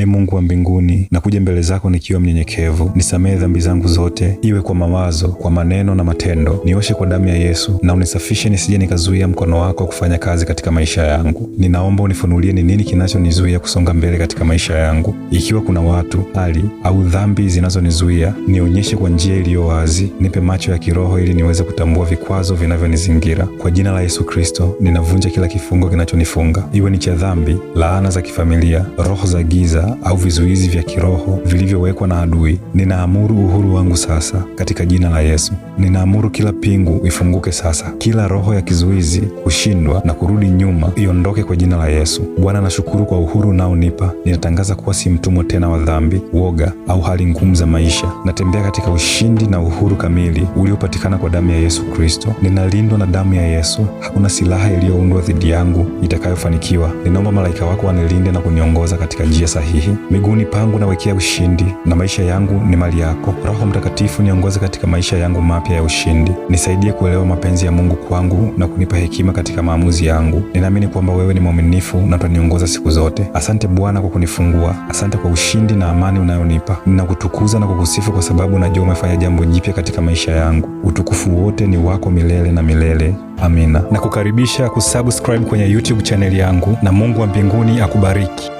Ee Mungu wa mbinguni, nakuja mbele zako nikiwa mnyenyekevu, nisamehe dhambi zangu zote, iwe kwa mawazo, kwa maneno na matendo. Nioshe kwa damu ya Yesu na unisafishe nisije nikazuia mkono wako kufanya kazi katika maisha yangu. Ninaomba unifunulie ni nini kinachonizuia kusonga mbele katika maisha yangu. Ikiwa kuna watu, hali au dhambi zinazonizuia, nionyeshe kwa njia iliyo wazi. Nipe macho ya kiroho ili niweze kutambua vikwazo vinavyonizingira. Kwa jina la Yesu Kristo, ninavunja kila kifungo kinachonifunga, iwe ni cha dhambi, laana za kifamilia, roho za giza au vizuizi vya kiroho vilivyowekwa na adui, ninaamuru uhuru wangu sasa katika jina la Yesu. Ninaamuru kila pingu ifunguke sasa, kila roho ya kizuizi kushindwa na kurudi nyuma iondoke kwa jina la Yesu. Bwana, nashukuru kwa uhuru unaonipa. Ninatangaza kuwa si mtumwa tena wa dhambi, woga au hali ngumu za maisha. Natembea katika ushindi na uhuru kamili uliopatikana kwa damu ya Yesu Kristo. Ninalindwa na damu ya Yesu. Hakuna silaha iliyoundwa dhidi yangu itakayofanikiwa. Ninaomba malaika wako wanilinde na kuniongoza katika njia sahihi sahihi. Miguuni pangu nawekea ushindi, na maisha yangu ni mali yako. Roho Mtakatifu, niongoze katika maisha yangu mapya ya ushindi. Nisaidie kuelewa mapenzi ya Mungu kwangu na kunipa hekima katika maamuzi yangu. Ninaamini kwamba wewe ni mwaminifu na utaniongoza siku zote. Asante Bwana kwa kunifungua. Asante kwa ushindi na amani unayonipa. Ninakutukuza na kukusifu kwa sababu najua umefanya jambo jipya katika maisha yangu. Utukufu wote ni wako milele na milele. Amina. Nakukaribisha kusubscribe kwenye YouTube chaneli yangu, na Mungu wa mbinguni akubariki.